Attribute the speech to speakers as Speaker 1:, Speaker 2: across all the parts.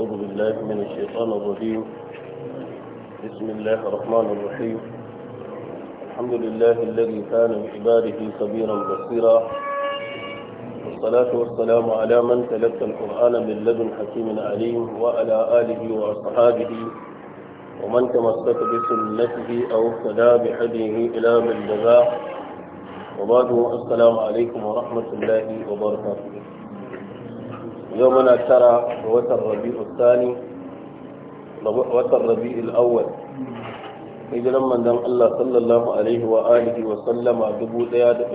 Speaker 1: أعوذ بالله من الشيطان الرجيم بسم الله الرحمن الرحيم الحمد لله الذي كان بعباده خبيرا بصيرا والصلاة والسلام على من تلقى القرآن من لدن حكيم عليم وعلى آله وأصحابه ومن تمسك بسنته أو اهتدى بهديه إلى من جزاه وبعد السلام عليكم ورحمة الله وبركاته yau muna tara ga watan rabi'u sani watan rabi'ul awwal hijiran manzon Allah sallallahu alaihi wa wa sallama 1438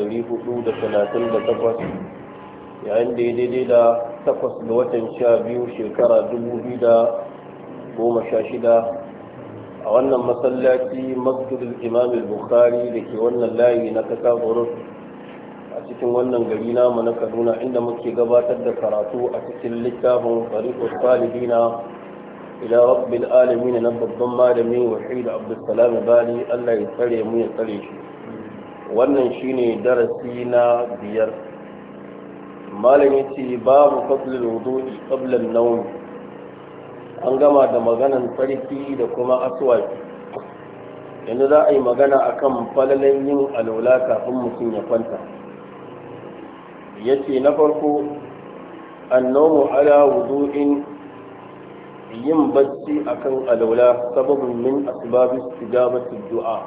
Speaker 1: yayin da ya daidai da takwas ga watan sha biyu shekara shida a wannan masallaci masjidul imamil al-bukhari da ke wannan layi na kasa cikin wannan gari namu na kaduna inda muke gabatar da karatu a cikin littafin tariqus salihina ila rabbil alamin na babban malami wahid abdulsalam bali Allah ya tsare mu ya tsare shi wannan shine darasi na biyar malami ce babu fadlul wudu'i qabla an an gama da maganan Sarki da kuma aswaki yanzu za a yi magana akan falalan yin alwala kafin mutum ya kwanta ya ce na farko annomu ala wudu'in yin bacci akan alaula sababin min asbabi istijabati du'a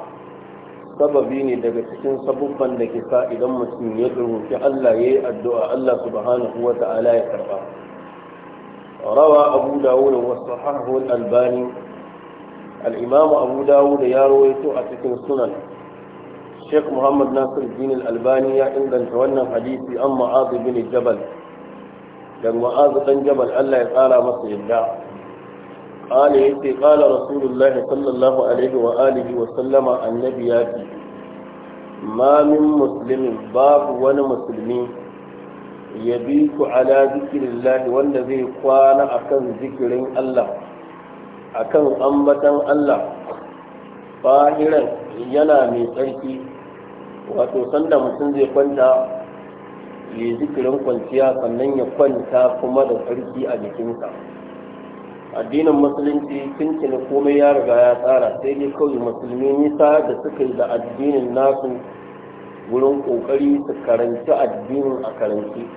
Speaker 1: sababi ne daga cikin sabubban da ke sa idan mutum ya roki Allah yayi addu'a Allah subhanahu wa ta'ala ya karba rawa abu dawud wa sahahu al-albani al-imam abu dawud ya rawaito a cikin sunan Sheikh Muhammad Nasir Dini Albani ya inganta wannan hadisi an ma'azu bin Jabal, dan ma'azu ɗan Jabal Allah ya tsara masa yadda. Ƙala ya ce, Ƙala Rasulullah sallallahu Alaihi wa wa sallama annabi ya fi, Ma musulmin babu wani musulmi ya bi ku ala zikirin lahi wanda zai kwana a kan zikirin Allah, a kan ambatan Allah, fahiran yana mai tsarki wato sanda mutum zai kwanta ya yi zikirin kwanciya sannan ya kwanta kuma da sarki a jikinsa addinin musulunci tuntuni komai ya riga ya tsara sai dai kawai musulmi nisa da suka yi da addinin nasu wurin kokari su karanci addinin a karanci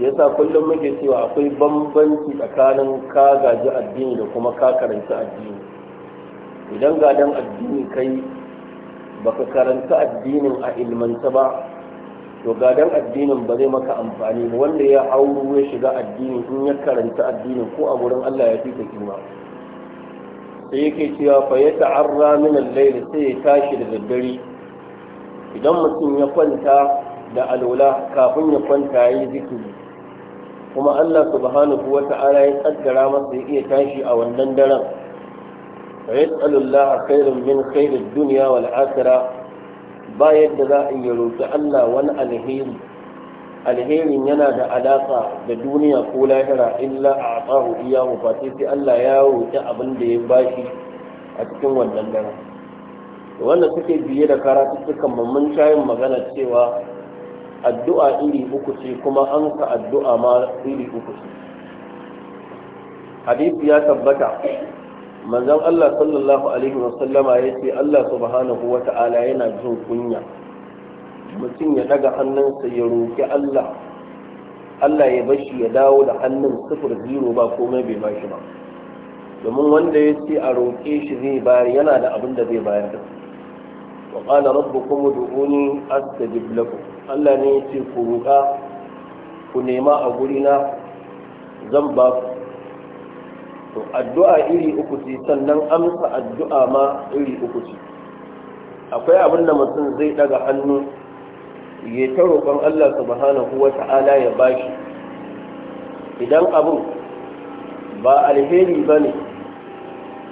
Speaker 1: yasa kullum muke cewa akwai bambanci tsakanin ka gaji addini da kuma ka karanci addini idan gadon addini kai baka karanta addinin a ilmanta ba to gadon addinin ba zai maka amfani ba wanda ya auro ya shiga addinin in ya karanta addinin ko a gurin Allah ya fi ta kima sai yake cewa fa ya ta'arra min al-layl sai ya tashi da daddare idan mutum ya kwanta da alwala kafin ya kwanta yayi zikiri kuma Allah subhanahu wata'ala ya kaddara masa ya iya tashi a wannan daren ويسأل الله خير من duniya الدنيا والآخرة باید da za a roƙi Allah wani alheri alherin yana da alaƙa da duniya ko lahira illa a tsahu iya sai sai Allah ya roƙi abin ya bashi a cikin wannan dara wanda suke biye da karatu suka mamman shayin magana cewa addu'a iri uku ce kuma an ka addu'a ma iri uku ce hadith ya tabbata manzon Allah sallallahu alaihi sallama ya ce Allah subhanahu wata'ala yana jin kunya mutum ya daga hannunsa ya roƙi Allah Allah ya bashi ya dawo da hannun sifir zero ba komai bai bashi ba domin wanda ya ce a roƙe shi zai bayar yana da abin da zai bayar da wa qala rabbukum ud'uni astajib lakum Allah ne ya ce ku roƙa ku nema a gurina zan ba ku to addu'a iri uku ce sannan amsa addu'a ma iri uku ce akwai abin da mutum zai daga hannu ya ta roƙon Allah subhanahu wa ta'ala ya bashi idan abin ba alheri ba ne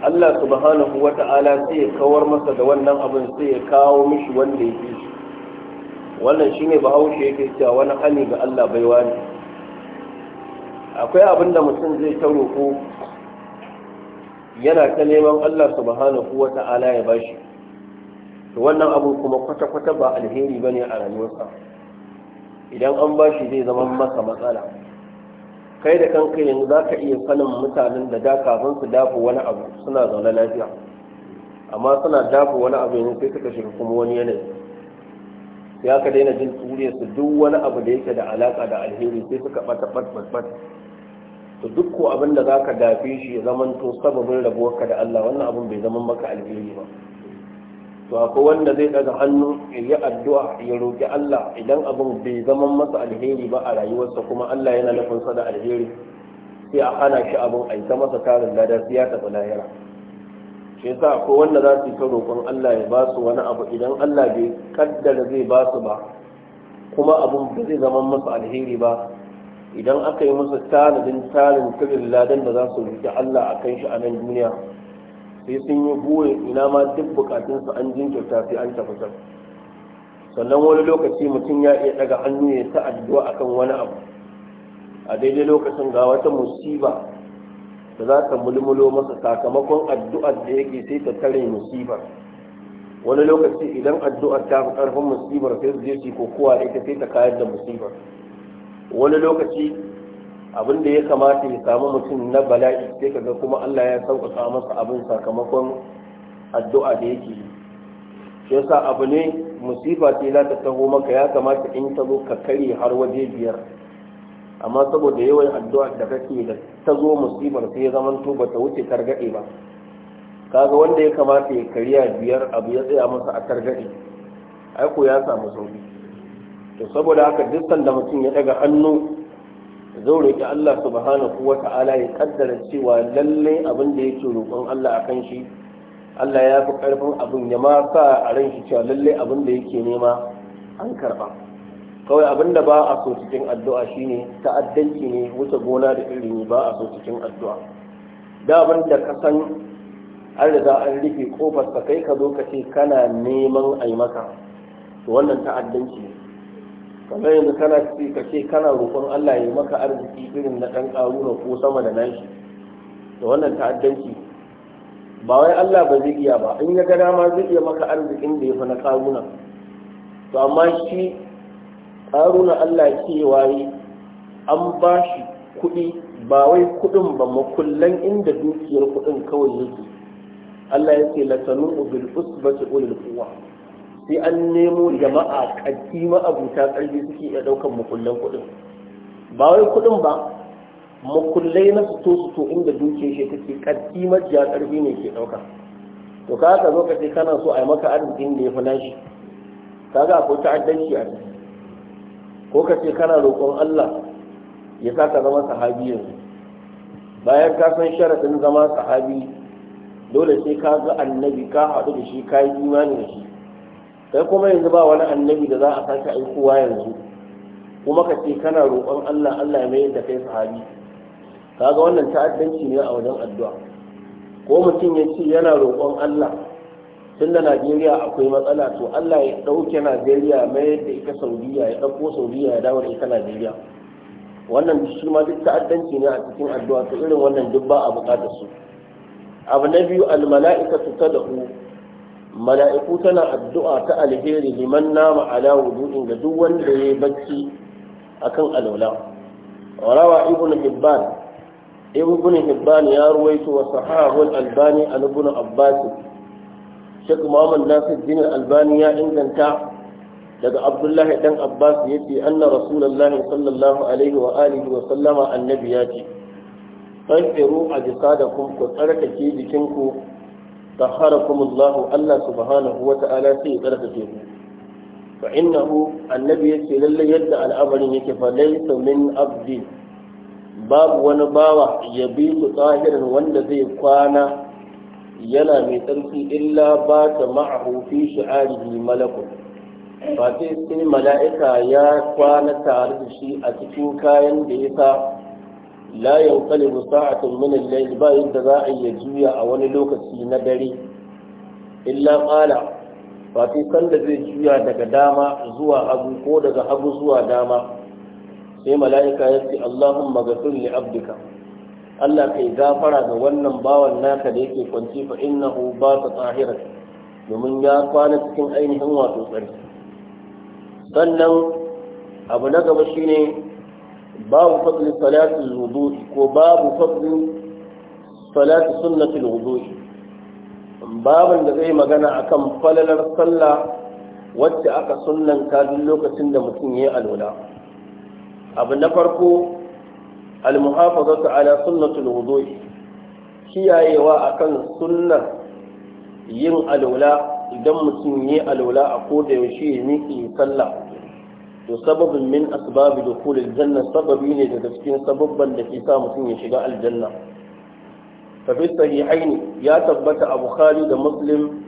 Speaker 1: Allah subhanahu wa ta'ala sai ya kawar masa da wannan abin sai ya kawo mishi wanda ya fi shi wannan shi ne bahaushe yake cewa wani hali ga Allah baiwa ne akwai abin da mutum zai ta roƙo yana ta neman Allah subhanahu wa ta'ala ya bashi to wannan abu kuma kwata-kwata ba alheri ba ne a rayuwarsa idan an bashi zai zama masa matsala kai da kanka yanzu za ka iya sanin mutanen da daka ban su dafa wani abu suna zaune lafiya amma suna dafa wani abu yanzu sai suka shiga kuma wani yanayi Ya ka daina jin su duk wani abu da yake da alaka da alheri sai suka bata bat bat bat to duk ko abin da zaka dafe shi ya zaman to sababin rabuwarka da Allah wannan abin bai zama maka alheri ba to akwai wanda zai daga hannu ya yi addu'a ya roƙi Allah idan abin bai zama masa alheri ba a rayuwarsa kuma Allah yana nufin sa da alheri sai a hana shi abin a ta masa tarin ladar ya tafi lahira shi yasa akwai wanda za su yi ta roƙon Allah ya ba su wani abu idan Allah bai kaddara zai ba su ba kuma abin ba zai zama masa alheri ba idan aka yi masa tanadin tarin tirin ladan da za su rufe Allah a kan shi a nan duniya sai sun yi buwe ina ma duk bukatunsu an jinkirta sai an tafi sannan wani lokaci mutum ya iya daga hannu ya ta addu'a akan wani abu a daidai lokacin ga wata musiba da za ta mulmulo masa sakamakon addu'ar da yake sai ta tare musibar wani lokaci idan addu'ar ta fi karfin musibar sai su je su kokowa ita sai ta kayar da musibar wani lokaci abin da ya kamata ya samu mutum na bala'i sai kaga kuma Allah ya sauƙaƙa masa abin sakamakon addu'a da yake yi shi yasa abu ne musifa ce za ta taho maka ya kamata in ta zo ka kare har waje biyar amma saboda yawan addu'a da kake da ta zo musibar sai ya zamanto ba ta wuce targaɗe ba kaga wanda ya kamata ya kariya biyar abu ya tsaya masa a targaɗe aiko ya samu sauki to saboda haka duk sanda mutum ya daga hannu zaure ta Allah subhanahu wa ta'ala ya kaddara cewa lalle abin da yake roƙon Allah akan shi Allah ya fi karfin abin ya ma sa a ran shi cewa lalle abin da yake nema an karba kawai abin da ba a so cikin addu'a shine ta'addanci ne wuce gona da irin ba a so cikin addu'a da abin da ka san an riga an rufe kofar sa kai ka zo ka ce kana neman a maka to wannan ta'addanci ne kamar yanzu kana ce ka ce kana roƙon Allah ya maka arziki irin na ɗan ƙaruna ko sama da nashi da wannan ta'addanci ba wai Allah ba zai iya ba in ya ga dama zai iya maka arzikin da ya fi na ƙaruna to amma shi ƙaruna Allah ke waye an ba shi kuɗi ba wai kuɗin ba makullan inda dukiyar kuɗin kawai yake Allah ya ce latanu bil usbati ulil quwwa sai an nemo jama'a ƙarfi ma'abuta ƙarfi suke iya ɗaukar makullan kuɗin ba wai kuɗin ba makullai na su to su to inda dukiyar shi take ƙaddimar majiya ƙarfi ne ke ɗauka to ka ka zo ka ce kana so a yi maka arzikin da ya fi nashi ka ga akwai ta'addanci a ciki ko ka ce kana roƙon Allah ya sa ka zama sahabi yanzu bayan ka san sharaɗin zama sahabi dole sai ka ga annabi ka haɗu da shi ka yi imani da shi sai kuma yanzu ba wani annabi da za a sake aikowa yanzu kuma ka ce kana roƙon Allah Allah ya mayar da kai sahabi kaga wannan ta'addanci ne a wajen addu'a ko mutum ya ce yana roƙon Allah Tun da Najeriya akwai matsala to Allah ya ɗauke Najeriya mayar da ita Saudiya ya ɗauko Saudiya ya dawo da ita Najeriya wannan shi ma duk ta'addanci ne a cikin addu'a to irin wannan duk ba a buƙatar su abu na biyu al ta tad'u mala'iku tana addu'a ta alheri liman nama ala wudu'in ga duk wanda ya yi bacci akan alwala rawa ibn hibban ibn hibban ya ruwaito wa sahahul albani a ibn abbas shek muhammad nasir din albani ya inganta daga abdullahi dan abbas an na rasulullahi sallallahu alaihi wa alihi wa sallama annabi ya ce tsarfiru a jisadakum ku tsarkake jikinku طهركم الله الله سبحانه وتعالى سي تركته فإنه النبي يسي للي يدعى الأمر يكي فليس من عبد باب ونباوة يبيت طاهرا والذي كان يلا ميتنسي إلا بات معه في شعاره ملك فاتي سن ملائكة يا كان تارد شيء أتكين كاين بيتا la yanqalibu sa'atun min al-layl ba yadda za a iya juya a wani lokaci na dare illa ƙala, fa sanda zai juya daga dama zuwa abu ko daga hagu zuwa dama sai mala'ika ya ce Allahumma ghafir li abdika Allah kai gafara ga wannan bawan naka da yake kwanci fa innahu ba ta tsahirar, domin ya kwana cikin ainihin wato tsari sannan abu na gaba shine babu fadli salatul wudu'i ko babu fadli salatu sunnatul wudu'i babin da zai magana akan falalar sallah wacce aka sunnanta duk lokacin da mutum ya yi alwala abu na farko almuhafazatu ala sunnatul wudu'i kiyayewa akan sunnar yin alwala idan mutum ya yi alwala a koda yaushe ya miƙe sallah to sababin min asbabi dukhul aljanna sababi ne daga cikin sababban da ke sa mutum ya shiga aljanna fa fi sahihain ya tabbata a bukhari da muslim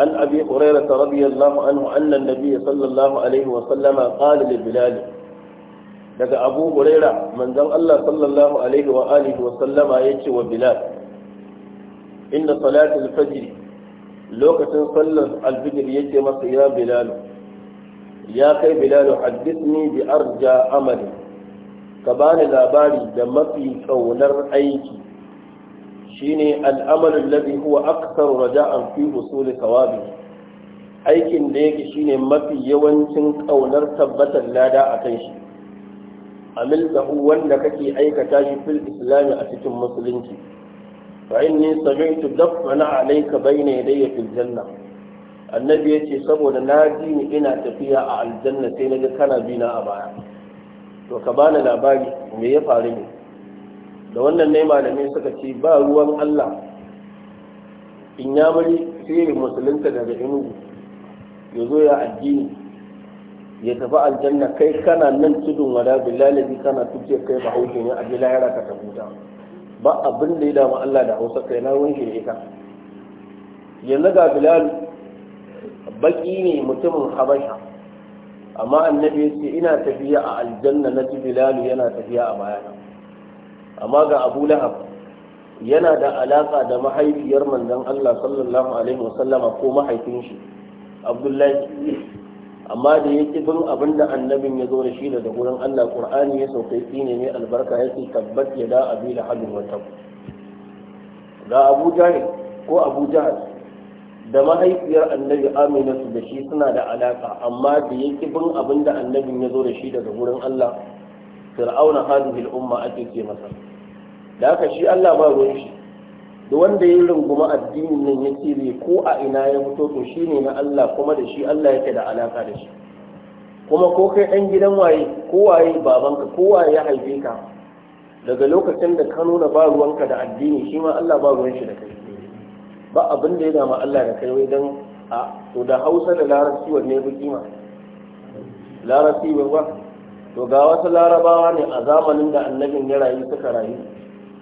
Speaker 1: an abi hurairah radiyallahu anhu anna an-nabiy sallallahu alaihi wa sallama qala li bilal daga abu huraira manzon Allah sallallahu alaihi wa alihi wa sallama yace wa bilal inna salatul fajr lokacin sallar alfijir yace masa ya bilal ya kai bilalu haddithni bi arja amali ka bani labari da mafi kaunar aiki shine al'amalin ladhi huwa akthar raja'an fi husuli thawabi aikin da yake shine mafi yawancin kaunar tabbatar lada akan shi amiltahu wanda kake aikata shi fil islami a cikin musulunci fa inni sami'tu dafana alayka bayna yadayya fil janna annabi ya ce saboda na ji ni ina tafiya a aljanna sai na ga kana bina a baya to ka bani labari me ya faru ne da wannan ne malamai suka ce ba ruwan Allah in ya bari sai musulunta daga inugu ya zo ya addini ya tafi aljanna kai kana nan tudun wada bilalabi kana tuke kai bahaushe ne a bilayara ka tafuta ba abin da ya damu Allah da hausa kai na wanke ita yanzu ga bilal baki ne mutumin habasha amma annabi ya ce ina tafiya a aljanna na bilalu yana tafiya a bayana amma ga abu lahab yana da alaƙa da mahaifiyar manzon allah sallallahu alaihi wasallama ko mahaifin shi abdullahi amma da ya ƙi bin abin da annabin ya zo da shi daga gurin allah ƙur'ani ya saukai tsine ne albarka ya ce tabbat ya da abi lahabin wata ga abu jahil ko abu jahil da mahaifiyar annabi Amina su da shi suna da alaka amma da ya bin abin da annabin ya zo da shi daga wurin Allah fir'auna hadhihi al-umma ake ce masa da haka shi Allah ba ruwan shi da wanda ya runguma addinin nan ya ce ko a ina ya fito to shine na Allah kuma da shi Allah yake da alaka da shi kuma ko kai ɗan gidan waye ko waye babanka ko waye ya haife ka daga lokacin da ka nuna ba ruwanka da addini shi ma Allah ba ruwan shi da kai ba abin da ya dama Allah da kai wai dan a to da Hausa da Larabci wanne ya fi kima Larabci ba ba to ga wasu Larabawa ne a zamanin da annabin ya rayu suka rayu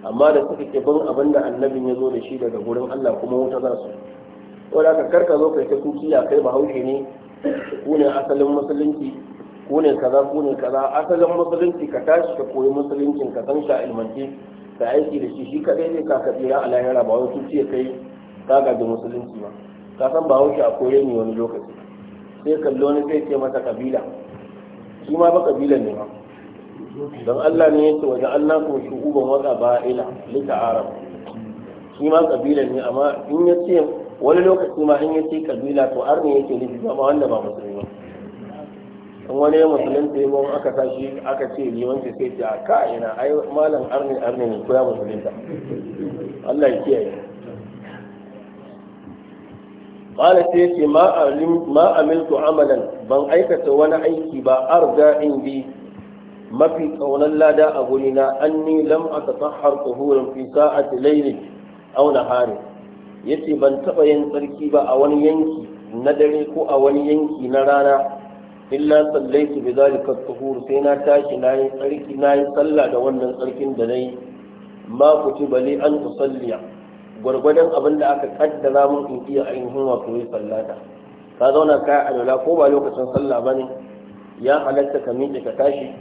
Speaker 1: amma da suka ke bin abin da annabin ya zo da shi daga gurin Allah kuma wuta za su Ko da ka karka zo kai ta tukiya kai bahaushe ne ku ne asalin musulunci ku ne kaza ku ne kaza asalin musulunci ka tashi ka koyi musuluncin ka san shi a ilmance ka aiki da shi shi kadai ne ka kaɗi a lahira ba wani tukiya kai ka da musulunci ba ka san ba wuce a koyar ne wani lokaci sai kallo ne sai ce masa kabila shi ma ba kabila ne ba. don Allah ne yake wajen Allah ko uban wata ba ila lita arab shi ma kabila ne amma in ya ce wani lokaci ma in ya ce kabila to ar ne yake nufi ba wanda ba musulmi in wani musulunta yi wani aka tashi aka ce limanci sai ce a ka ina ai malam arni arni ne ko ya musulunta Allah ya kiyaye qala sai yace ma alim ma amiltu ban aikata wani aiki ba arda indi mafi kaunan lada a gurina anni lam tafahar tuhurin fi sa'ati layli aw nahari yace ban taɓa yin tsarki ba a wani yanki na dare ko a wani yanki na rana illa sallaitu bi zalika tuhur sai na tashi na yi tsarki sallah da wannan tsarkin da nayi ma kuti bali an salliya. gwargwadon abin da aka kaddara mun in iya ainihin wato yi sallata ka zauna ka alwala ko ba lokacin sallah bane ya halatta ka miƙe ka tashi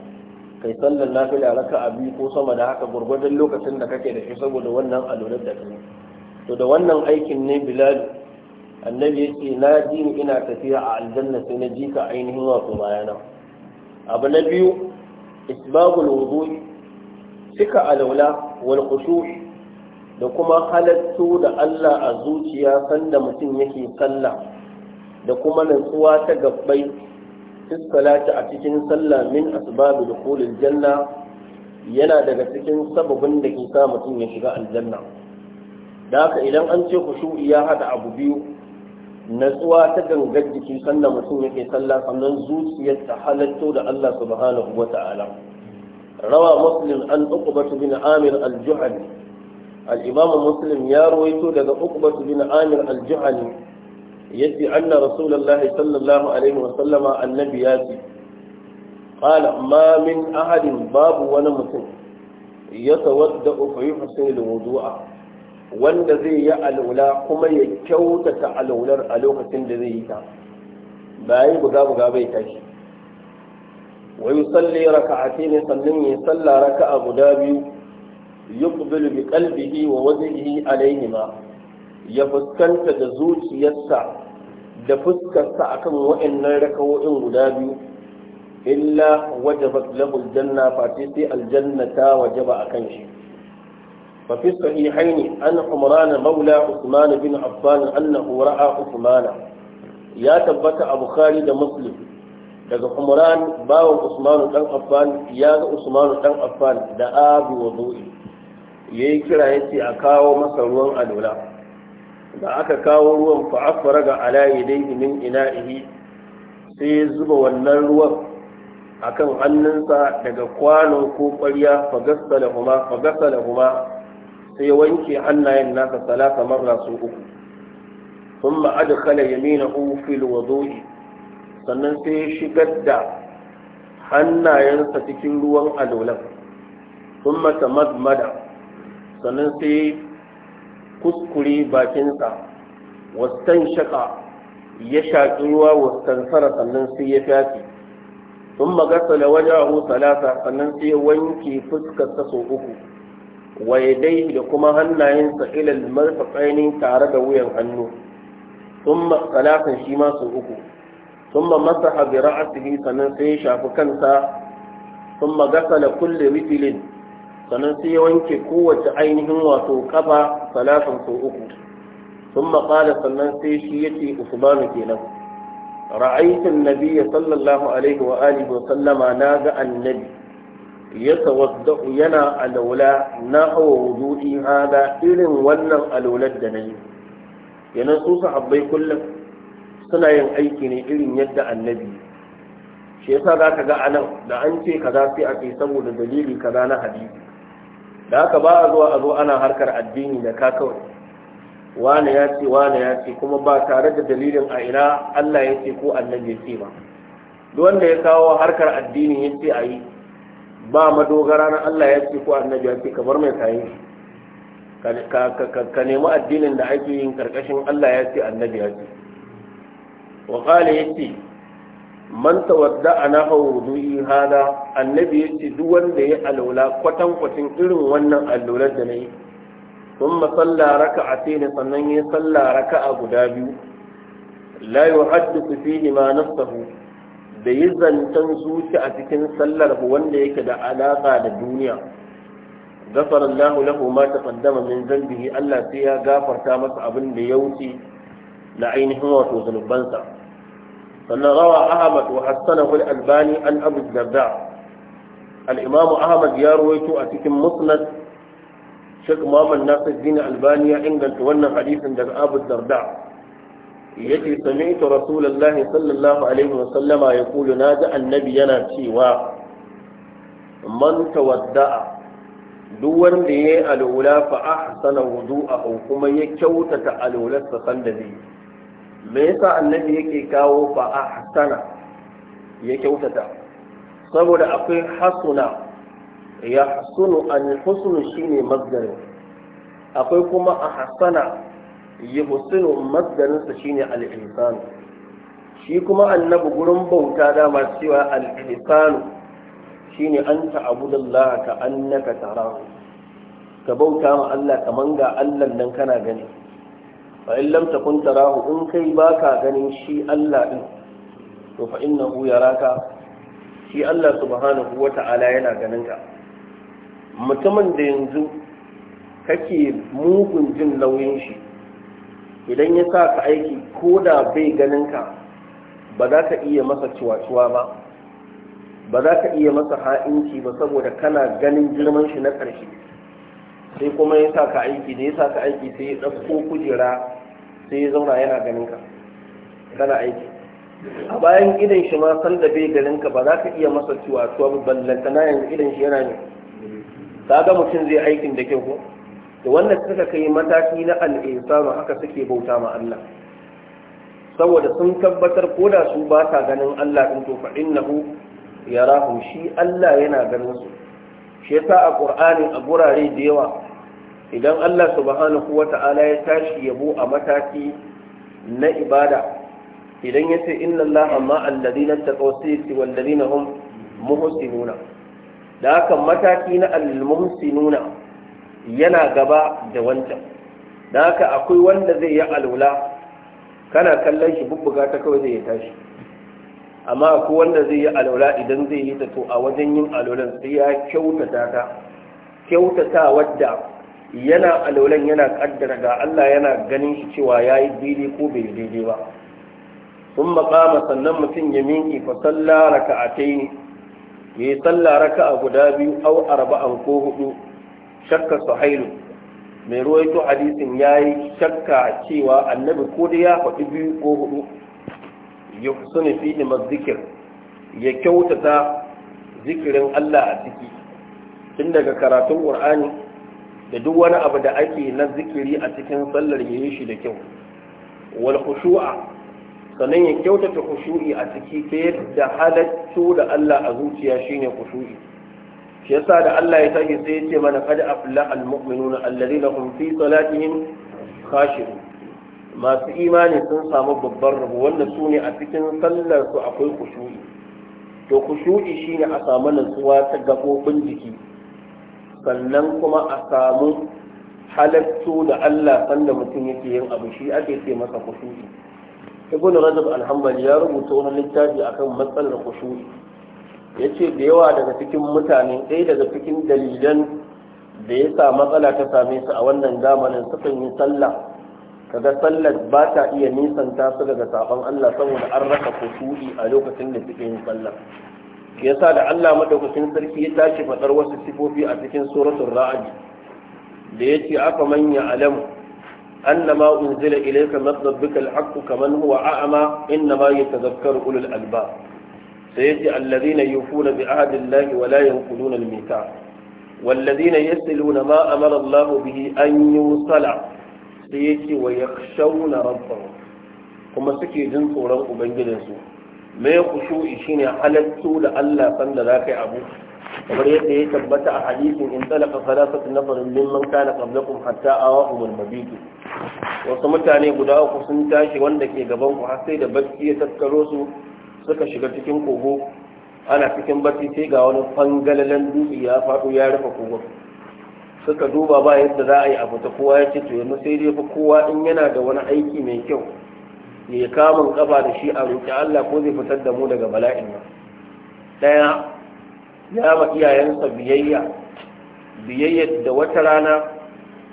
Speaker 1: kai sallar nafila raka a biyu ko sama da haka gwargwadon lokacin da kake da shi saboda wannan alwalar da kai to da wannan aikin ne bilal annabi ce na ji ina tafiya a aljanna sai na ji ka ainihin wato bayana abu na biyu isbabul wudu cika alwala wal khushu' da kuma halatto da Allah a zuciya sanda mutum yake sallah da kuma natsuwa ta gabbai fiskalata a cikin sallah min da dukhulil janna yana daga cikin sababin da ke sa mutum ya shiga aljanna da haka idan an ce khushu'i ya hada abu biyu natsuwa ta gangar jiki sanda mutum yake sallah sannan zuciyar ta halatto da Allah subhanahu wata'ala rawa muslim an uqbatu bin amir al-juhani الإمام مسلم يروي لدى عقبة بن عامر الجهني يتي أن رسول الله صلى الله عليه وسلم النبي ياتي قال ما من أحد باب ونمسن يتودأ فيحسن الوضوء wanda zai yi alwala kuma ya kyautata alwalar a lokacin da zai yi ta ba buga-buga bai tashi ne sannan ya salla raka'a guda biyu yuqbilu bi qalbihi wa wajhihi alayhima ya fuskanta da zuciyarsa da fuskarsa akan wa'annan rakawo'in guda biyu illa wajabat lahu aljanna fa sai aljanna ta wajaba akan shi fa fi sahihaini an humran maula usman bin affan annahu ra'a usmana ya tabbata a bukhari da muslim daga humran bawa usman dan affan ya ga usman dan affan da abu wudu'i ya yi kira ya ce a kawo masa ruwan alola da aka kawo ruwan fa'afara ga alayi dai ina ina'ihi sai ya zuba wannan ruwan a kan hannunsa daga kwanon ko ƙwarya fagasta da kuma sai wanke hannayen nasa salasa marra su uku sun ma'adu kala yamina ufil wa zo'i sannan sai ya shigar da hannayensa cikin ruwan alolan sun mata madmada sannan sai kuskure bakinsa wastan shaka ya shaƙi ruwa wastan sara sannan sai ya fyafi sun magasala wajahu salasa sannan sai ya wanke fuskarsa sau uku wa yadai da kuma hannayensa ilal marfaƙaini tare da wuyan hannu sun salasan shi ma sau uku sun masaha bi ra'asihi sannan sai ya shafi kansa sun magasala kulle mitilin sannan sai ya wanke kowace ainihin wato kafa salatin sau uku sun maƙala sannan sai shi ya ce usmanu kenan ra'aitun nabiya sallallahu alaihi wa alihi wa sallama na ga annabi ya tawadda'u yana alaula na hawa wudu'i hada irin wannan alaular da na yi yanan su sahabbai kullum suna yin aiki ne irin yadda annabi shi yasa za ka ga anan da an ce kaza sai a ce saboda dalili kaza na hadisi da haka ba a zuwa a zo ana harkar addini da ka kawai wane ya ce wane ya ce kuma ba tare da dalilin a ina Allah ya ce ko annabi ya ce ba duk wanda ya kawo harkar addini ya ce a yi ba madogara na Allah ya ce ko annabi ya ce kamar mai kayan ka nemi addinin da ake yin karkashin Allah ya ce annabi ya ce Wakali ya yati man tawadda ana hawudu'i hada annabi yace duk wanda ya alola kwatan kwatin irin wannan alwalar da nayi thumma a raka'atayn sannan ya salla a guda biyu la yuhaddithu fihi ma nafsuhu da yi zancen zuci a cikin sallar wanda yake da alaƙa da duniya gafar Allah lahu ma taqaddama min zambihi Allah sai ya gafarta masa abin da ya wuce na ainihin wato zunubansa sannan rawa ahmad wa Hassana al-albani an abu darda al ahmad ya ruwaito a cikin musnad shek Muhammad Nasiruddin Albani ya inganta wannan hadisin daga Abu Darda yace sami'tu Rasulallah, sallallahu alaihi wa sallama na ji annabi yana cewa man tawadda'a duk wanda ya yi alula fa ahsana wudu'ahu kuma ya kyautata alularsa sanda zai me yasa annabi yake kawo fa ahsana ya kyautata saboda akwai hasuna ya hasunu an shi ne masdarin akwai kuma a ahsana ya husnu masdarin shi ne al shi kuma annabi gurin bauta dama cewa al shi ne an ta'budallaha ka annaka tarahu ka bauta ma Allah kaman ga Allah nan kana gani fa in lam takun tarahu in kai baka ganin shi Allah din to fa innahu yaraka shi Allah subhanahu wata'ala yana ganin ka mutumin da yanzu kake mugun jin lauyin shi idan ya sa ka aiki ko da bai ganin ka ba za ka iya masa ciwaciwa ba ba za ka iya masa ha'inci ba saboda kana ganin girman shi na ƙarshe sai kuma ya sa ka aiki da ya sa ka aiki sai ya ɗauko kujera sai ya zauna yana ganin ka kana aiki a bayan gidan shi ma san da bai ganin ka ba za ka iya masa cewa to ballanta na yanzu gidan shi yana ne ka ga mutum zai aikin da kyau ko da wannan suka kai mataki na al'insanu haka suke bauta ma Allah saboda sun tabbatar ko da su ba ta ganin Allah din to fa innahu yarahum shi Allah yana ganin su shi yasa a Qur'ani a gurare da yawa idan Allah subhanahu Ta'ala ya tashi yabo a mataki na ibada idan ya ce inna Allah amma alladina taqaw sayyidi walladina hum muhsinuna da haka mataki na al-muhsinuna yana gaba da wancan da haka akwai wanda zai yi alula kana kallon shi bubbuga ta kawai zai tashi amma ko wanda zai yi alula idan zai yi ta to a wajen yin alulan sai ya kyautata ta kyautata wadda yana alolan yana kaddara ga Allah yana ganin shi cewa ya yi daidai ko bai daidai ba sun makama sannan mutum ya minki fa salla raka a ta yi ya yi salla raka a guda biyu au arba'an ko hudu shakka hailu mai ruwaito hadisin ya yi shakka cewa annabi ko da ya faɗi biyu ko hudu ya ne fi zikir ya kyautata zikirin Allah a ciki tun daga karatun ƙur'ani da duk wani abu da ake na zikiri a cikin sallar ya yi shi da kyau wal khushu'a sannan ya kyautata khushu'i a ciki ta yadda halatto da Allah a zuciya shine khushu'i shi yasa da Allah ya sake sai ya ce mana qad aflaha al mu'minuna alladhina hum fi salatihim khashi'un masu imani sun samu babban rabo wanda su ne a cikin sallar su akwai khushu'i to khushu'i shine a samu nutsuwa ta gabobin jiki sannan kuma a samu halattu da Allah sanda mutum yake yin abu shi ake ce masa kushu'i ibn rajab al ya rubuta wani littafi akan matsalar kushu'i yace da yawa daga cikin mutane ɗaya daga cikin dalilan da ya sa matsala ta same su a wannan zamanin sukan yi sallah kaga sallar ba ta iya nisanta su daga sabon Allah saboda an rasa kusuri a lokacin da suke yin sallah shi yasa da Allah madaukakin sarki ya tashi faɗar wasu sifofi a cikin suratul ra'd da yace aka manya alamu annama unzila ilayka min rabbika al-haqq kaman huwa a'ma innama yatadhakkaru ulul albab sai yace alladhina yufuna bi ahdi Allahi wa la yanquduna al-mita walladhina yasluna ma amara Allah bihi an yusala sai yace wa yakhshawna rabbahum kuma suke jin tsoron ubangijinsu mai kushu'i shine halattu da Allah sanda za ka yi abu kamar yadda ya tabbata a hadisin in talaka salasatu nafarin mimman kana qablakum hatta awahum al mabitu. wasu mutane guda uku sun tashi wanda ke gaban ku har sai da bacci ya tattaro su suka shiga cikin kogo ana cikin bacci sai ga wani fangalalen dutse ya faɗo ya rufe kogon suka duba ba yadda za a yi abu ta kowa ya ce to yanzu sai dai fa kowa in yana da wani aiki mai kyau ya kamun kafa da shi a roƙi Allah ko zai fitar da mu daga bala'in ba ɗaya ya ma iyayensa biyayya biyayya da wata rana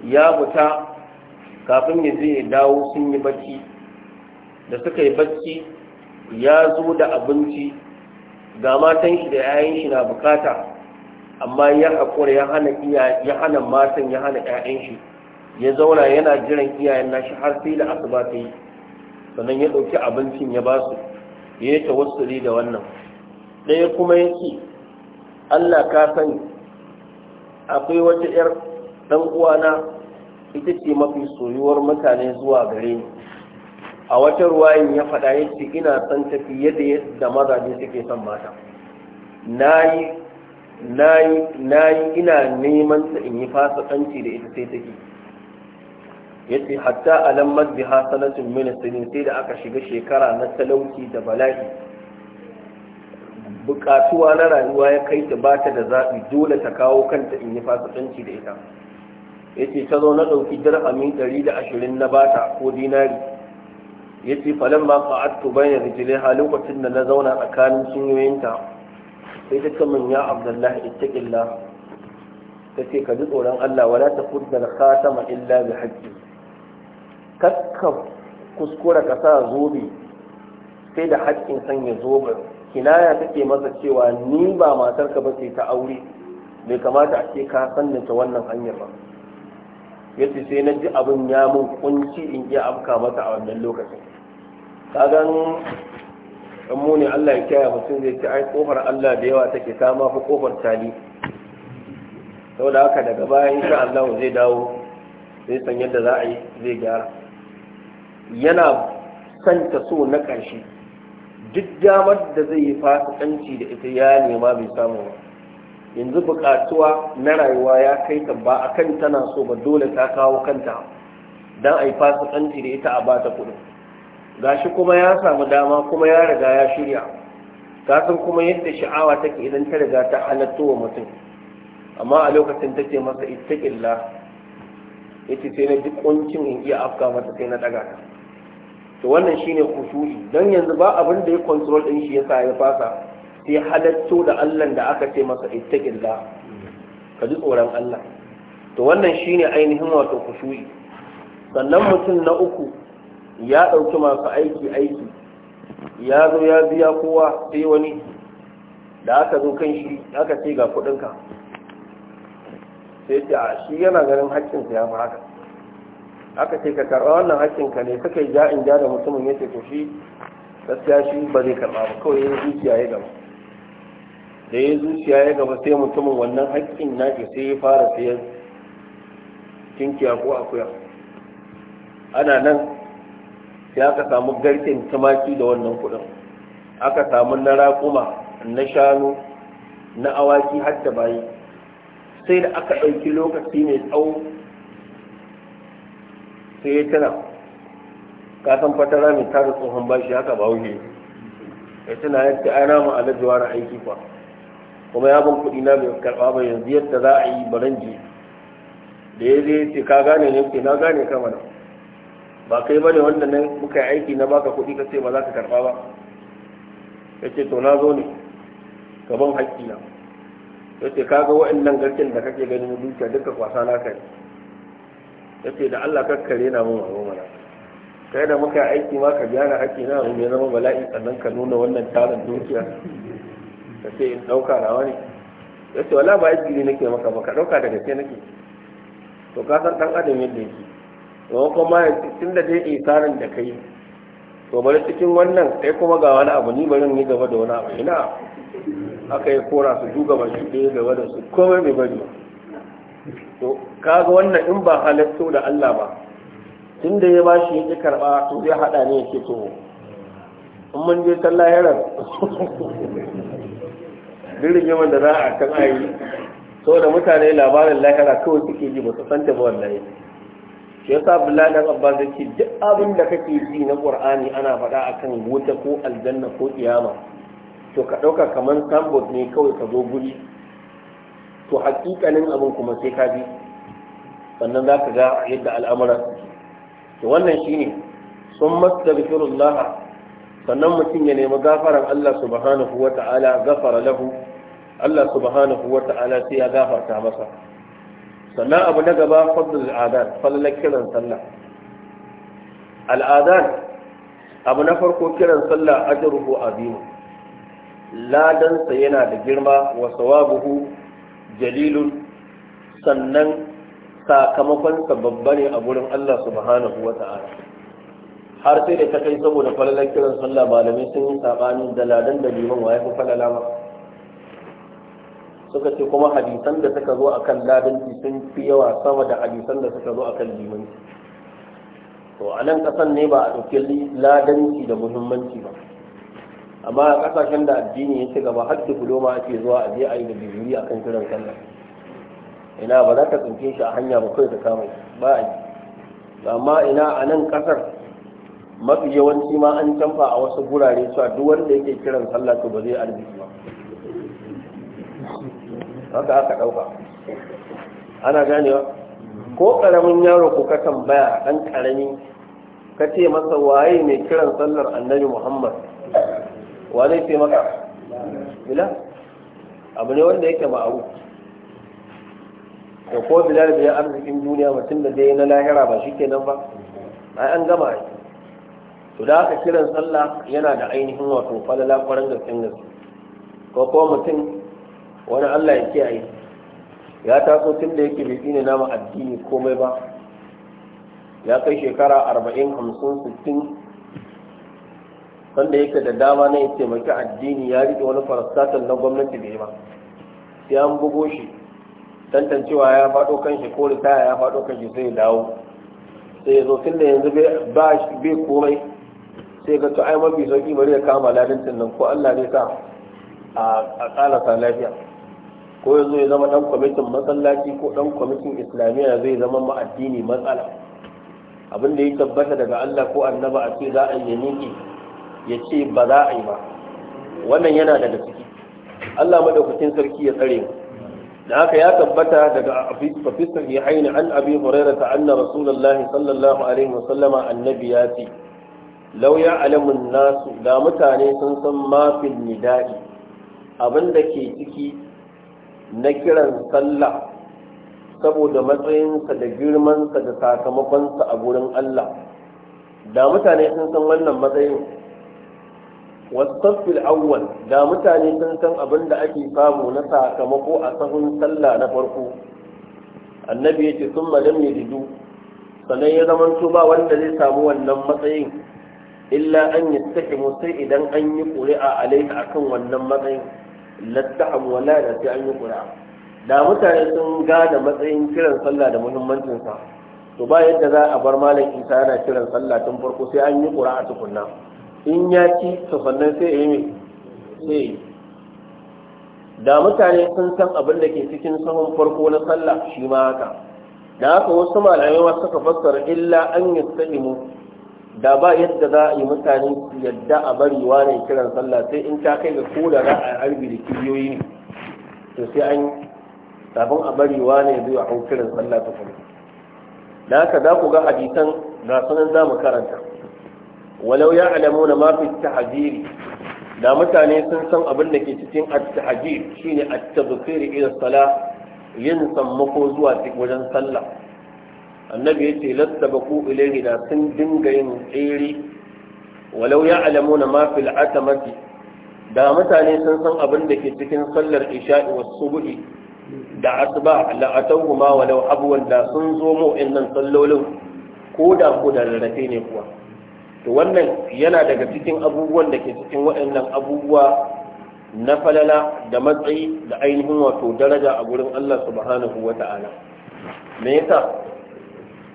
Speaker 1: ya fita kafin ya zai dawo sun yi bacci da suka yi bacci ya zo da abinci ga matan shi da yayan shi na bukata amma ya haƙura ya hana matan ya hana yayan shi ya zauna yana jiran iyayen nashi har sai da asuba ta yi sannan ya ɗauki abincin ya ba su ya yi wasu da wannan ɗaya kuma ya ce allah ka sani akwai wata 'yar ɗan uwana ita ce mafi soyuwar mutane zuwa gare ni a wata ruwayin ya faɗa ya ce ina son tafi yadda yadda mazaje suke son mata na yi ina neman ta in yi fasa da ita sai take yace hatta a lan sanatun min sai da aka shiga shekara na talauci da bala'i bukatuwa na rayuwa ya kai ta bata da zaɓi dole ta kawo kanta in yi fasikanci da ita yace ta zo na ɗauki dirhamin ɗari da ashirin na bata ko dinari yace falan ma bayan bayna rijliha lokacin da na zauna tsakanin cinyoyinta sai ta ce min ya abdullahi ittaqillah ta ce ka ji tsoron Allah wala ta fudda khatama illa bi haqqi kakka kuskura ka sa zobe sai da haƙƙin sanya zoben kinaya take masa cewa ni ba matarka ba ce ta aure bai kamata a ce ka sannanta wannan hanyar ba yace sai na ji abin ya mun kunci in iya afka mata a wannan lokacin kagan ɗan mu ne Allah ya kiyaye mutum zai ci ai kofar Allah da yawa take ta ma fi kofar tali saboda haka daga baya insha Allah zai dawo zai san yadda za a yi zai gyara yana santa so na ƙarshe duk damar da zai yi fasikanci da ita ya nema bai samu ba yanzu buƙatuwa na rayuwa ya kai ta ba a kan tana so ba dole ta kawo kanta don a yi fasikanci da ita a ba ta kuɗi gashi kuma ya samu dama kuma ya riga ya shirya kasan kuma yadda sha'awa take idan ta riga ta halatto wa mutum amma a lokacin take masa ita ƙilla ita sai na duk ƙuncin in iya afka mata sai na ɗaga. ta to wannan shine khushu'i dan yanzu ba abin da ya control din shi yasa ya fasa sai halatto da Allah da aka ce masa ittaqilla ka ji tsoron Allah to wannan shine ainihin wato khushu'i sannan mutum na uku ya dauki masu aiki aiki ya zo ya biya kowa sai wani da aka zo kan shi aka ce ga kudinka sai ce a shi yana ganin haƙƙinsa ya fi haka aka ce ka karɓa wannan haƙƙinka ne kakai yi ja'in ja da mutumin ya tafi to shi gaskiya shi ba zai karɓa ba kawai ya zuciya ya gaba da ya zuciya ya gaba sai mutumin wannan haƙƙin ke sai ya fara sayar kinkiya ko akuya ana nan sai aka samu garkin tumaki da wannan kuɗin aka samu na raƙuma na shanu na awaki har da bayi sai da aka ɗauki lokaci mai tsawo sai ya tana kasan fatara mai tara tsohon bashi haka ba wuce ya tana yadda ana mu a na aiki fa kuma ya ban kuɗi na mai karɓa ba yanzu yadda za a yi baran baranji da ya zai ce ka gane ne ke na gane kama mana ba kai bane wanda nan muka yi aiki na baka kuɗi ka ce ba za ka karɓa ba ya ce to na zo ne gaban na ya ce kaga waɗannan garken da kake ganin dukiya duka kwasa na kai yace da Allah kakkare na mun wayo mana kai da muka aiki ma ka gyara aiki na mu ne zama bala'i sannan ka nuna wannan tarin dukiya ka ce in dauka na wani yace wala ba aiki nake maka ba ka dauka daga kai nake to ka san dan adam yadda yake to kuma tun da dai isarin da kai to bari cikin wannan sai kuma ga wani abu ni bari ni gaba da wani abu ina aka yi kora su duga ba shi ɗaya gaba da su komai bai bari ba to kaga wannan in ba halatto da Allah ba tun da ya ba shi yake karɓa to zai haɗa ne yake to in mun je sallah yaran dirin yawan da za a kan ayi saboda mutane labarin lahira kawai suke ji ba su san ta ba wallahi shi yasa Abdullahi dan Abbas yake duk abin da kake ji na Qur'ani ana faɗa akan wuta ko aljanna ko kiyama to ka ɗauka kaman sambot ne kawai ka zo guri to hakikanin abin kuma sai ka bi sannan za ka ga yadda al'amuran to wannan shine sun mastaghfirullah sannan mutum ya nemi gafaran Allah subhanahu wa ta'ala gafara lahu Allah subhanahu wa ta'ala sai ya gafarta masa sannan abu na gaba fadlul adan fallan kiran sallah al'adan abu na farko kiran sallah ajruhu azim sa yana da girma wa sawabuhu jalilun sannan sakamakonsa babba ne a gurin Allah subhanahu wa ta'ala har sai da ta kai saboda falalar kiran sallah malamai sun yi sabanin da ladan da liman wa ya fi falala ma suka ce kuma hadisan da suka zo akan ladanci sun fi yawa sama da hadisan da suka zo akan limanci to a nan kasan ne ba a ɗauki ladanci da muhimmanci ba amma a kasashen da addini ya ci gaba har ma ake zuwa a je a yi da a kan kiran sallah ina ba za ka tsinke shi a hanya ba kai ka kama ba yi amma ina a nan kasar mafi yawanci ma an canfa a wasu gurare cewa duk wanda yake kiran sallah to ba zai arziki ba haka aka ɗauka ana ganewa ko ƙaramin yaro ko ka tambaya dan ƙarami ka ce masa waye mai kiran sallar annabi muhammad wa zai maka? bilal abu ne wanda yake ma'aru da ko bilal bai arzikin duniya mutum da dai na lahira ba shikenan ba ai an gama ai to da aka kiran sallah yana da ainihin wato falala kwarin gaskin gaske ko ko mutum wani Allah ya kiyaye ya taso tun da yake bai tsine nama addini komai ba ya kai shekara arba'in hamsin sittin wanda yake da dama na ya taimaki addini ya riƙe wani farastatan na gwamnati da yawa sai an bugo shi tantancewa ya faɗo kan shi ko ritaya ya faɗo kan shi sai ya dawo sai ya zo tun da yanzu bai komai sai ga to ai mafi sauki bari ya kama ladancin nan ko Allah ne sa a ƙalasa lafiya ko ya zo ya zama ɗan kwamitin masallaci ko ɗan kwamitin islamiyya zai zama ma'addini matsala abin da ya tabbata daga Allah ko annaba a ce za a yi miki ya ce ba za a yi ba wannan yana daga ciki Allah madaukakin sarki ya tsare mu da haka ya tabbata daga fafisar ya haini an abi hurairah ta anna rasulullahi sallallahu alaihi wasallama annabi ya ce Lauya ya'lamun nasu da mutane sun san mafin nida'i abin da ke ciki na kiran sallah saboda matsayinsa da girmansa da sakamakonsa a gurin Allah da mutane sun san wannan matsayin wasafil awwal da mutane sun san abin da ake samu na sakamako a sahun sallah na farko annabi ya ce sun malam ya jidu sannan ya zamanto ba wanda zai samu wannan matsayin illa an yi sahimu sai idan an yi ƙuri'a alaiha akan wannan matsayin lattahamu wala da sai an yi ƙuri'a da mutane sun gane matsayin kiran sallah da muhimmancinsa to ba yadda za a bar malam isa yana kiran sallah tun farko sai an yi ƙuri'a tukunna in ya ci to sannan sai ya yi mai sai da mutane sun san abin da ke cikin sahun farko na sallah shi ma haka da haka wasu malamai suka fassara illa an yastahimu da ba yadda za a yi mutane su yadda a bari ne kiran sallah sai in ta kai ga koda za a harbi da kibiyoyi ne to sai an sabon a bari ne zai a hau kiran sallah ta kuma da haka za ku ga hadisan ga sunan za mu karanta walau ya alamu na mafi tahajiri da mutane sun san abin da ke cikin at-tahajir shine at-tadhkiri ila salah yin sammako zuwa wajen sallah annabi yace lattabaku ilayhi da sun dinga yin tsere walau ya alamu na mafi al'atamati da mutane sun san abin da ke cikin sallar isha'i wa subuhi da asuba la atawhuma walau abwan da sun zo mu nan sallolin ko da ku da rarrafe ne kuwa to wannan yana daga cikin abubuwan da ke cikin waɗannan abubuwa na falala da matsayi da ainihin wato daraja a gurin Allah subhanahu wa ta'ala me yasa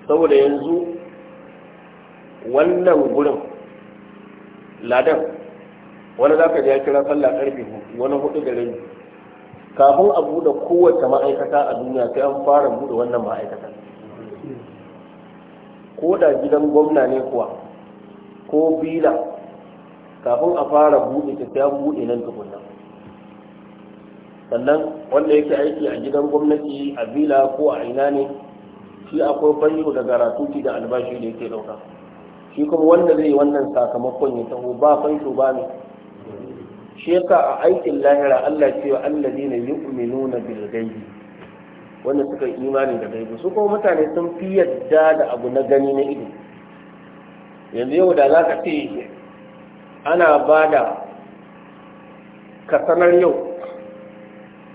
Speaker 1: saboda yanzu wannan gurin ladan wani za ka ya kira sallah karfe wani hudu da rai kafin a buɗe kowace ma'aikata a duniya sai an fara buɗe wannan ma'aikata ko da gidan gwamna ne kuwa ko bila kafin a fara buɗe ta ya buɗe nan tukunna sannan wanda yake aiki a gidan gwamnati a bila ko a ina ne shi akwai banyo da garatuti da albashi da yake ɗauka shi kuma wanda zai wannan sakamakon ya taho ba fansho ba ne shi ka a aikin lahira Allah cewa allazi ne yu'minuna bil ghaibi wanda suka imani da gaibi su kuma mutane sun fi yadda da abu na gani na ido yanzu yau da za ka ce ana ba da kasanar yau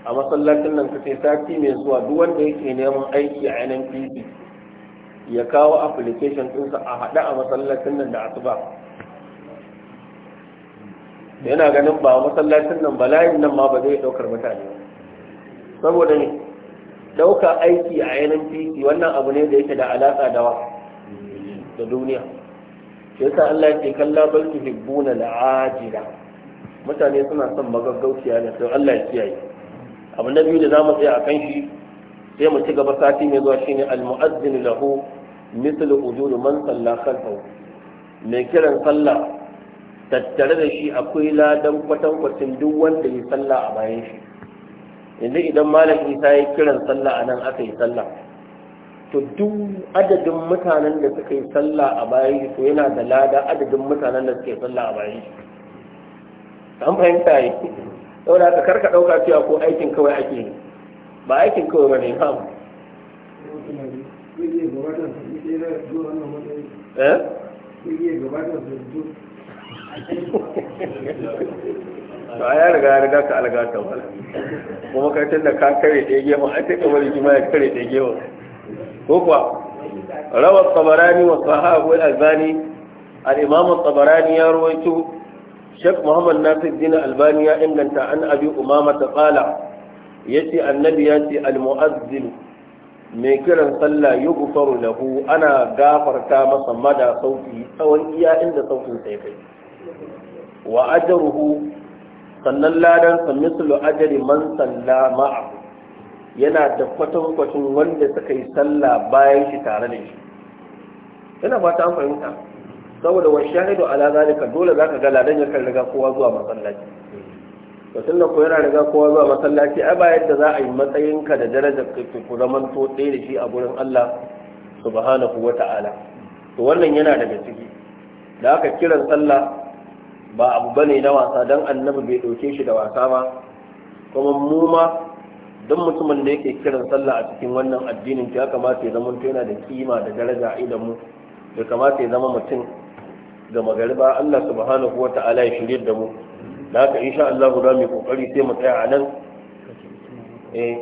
Speaker 1: a masallacin nan ka ce sati mai zuwa duk wanda yake neman aiki a nnpc ya kawo application ɗinsa a haɗe a masallacin nan da asuba yana ganin ba masallacin nan ba layin nan ma ba zai ɗaukar mutane saboda ne ɗauka aiki a nnpc wannan abu ne da yake da alaƙa da da duniya shi yasa Allah yake kalla bal tuhibbuna al'ajila mutane suna son magaggauciya ne sai Allah ya kiyaye abu na biyu da zamu tsaya akan shi sai mu ci gaba sati mai zuwa shine al-mu'azzin lahu مثل أجور من صلى خلفه mai kiran sallah tattare da shi akwai ladan kwatankwacin duk wanda ya sallah a bayan shi yanzu idan malam isa ya kiran sallah a nan aka yi sallah to duk adadin mutanen da suka yi sallah a bayan to yana da lada adadin mutanen da suka yi sallah a bayan an fahimta yi kar ka karka ɗauka cewa ko aikin kawai ake yi ba aikin kawai ba ne na mu ba ya riga ya riga ka alga ta wala kuma kai tun da ka kare ɗaya gemu a ta kamar jima ya kare ɗaya gemu ko kuwa rawar tsabarani wa sahabu al-albani al-imam tsabarani ya rawaito shek muhammad nasir din albani ya inganta an abi umama ta tsala ya ce annabi ya ce al mai kiran sallah yi gufaru lahu ana gafarta masa mada sauki tsawon iya inda saukin sai kai wa ajaruhu sannan ladan sa mislu ajari man salla ma'a yana da kwatankwacin wanda suka yi sallah bayan shi tare da shi yana fata an fahimta saboda wa shahidu ala zalika dole za ka ga ladan yakan riga kowa zuwa masallaci to tunda ko yana riga kowa zuwa masallaci a ba da za a yi matsayinka da darajar kai ku zaman to ɗaya da shi a gurin Allah subhanahu Ta'ala. to wannan yana daga ciki da aka kiran sallah ba abu bane na wasa dan annabi bai dauke shi da wasa ba kuma mu ma don mutumin da yake kiran sallah a cikin wannan addinin ya kamata ya zama yana da kima da daraja a idanmu mu ya kamata ya zama mutum ga magariba Allah subhanahu wa ta'ala ya shirye da mu da haka insha Allah za mai kokari sai mu tsaya a nan eh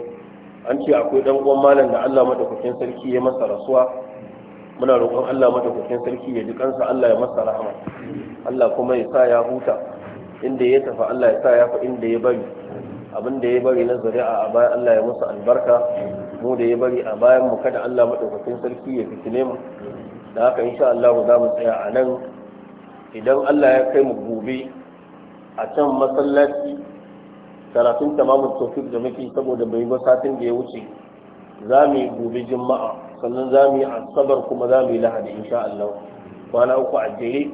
Speaker 1: an ce akwai dan uwan malam da Allah madaukakin sarki ya masa rasuwa muna roƙon Allah madaukakin sarki ya ji kansa Allah ya masa rahama Allah kuma ya sa ya huta inda ya tafi Allah ya sa ya fa inda ya bari abin da ya bari na zuri'a a bayan Allah ya musu albarka mu da ya bari a bayan mu kada Allah madaukakin sarki ya fitine mu da haka insha Allah za mu tsaya a nan idan Allah ya kai mu gobe a can masallaci karatun tamamun tofik da muke saboda bai ba satin da ya wuce za mu yi gobe juma'a sannan za mu yi asabar kuma za mu yi lahadi insha Allah kwana uku a jere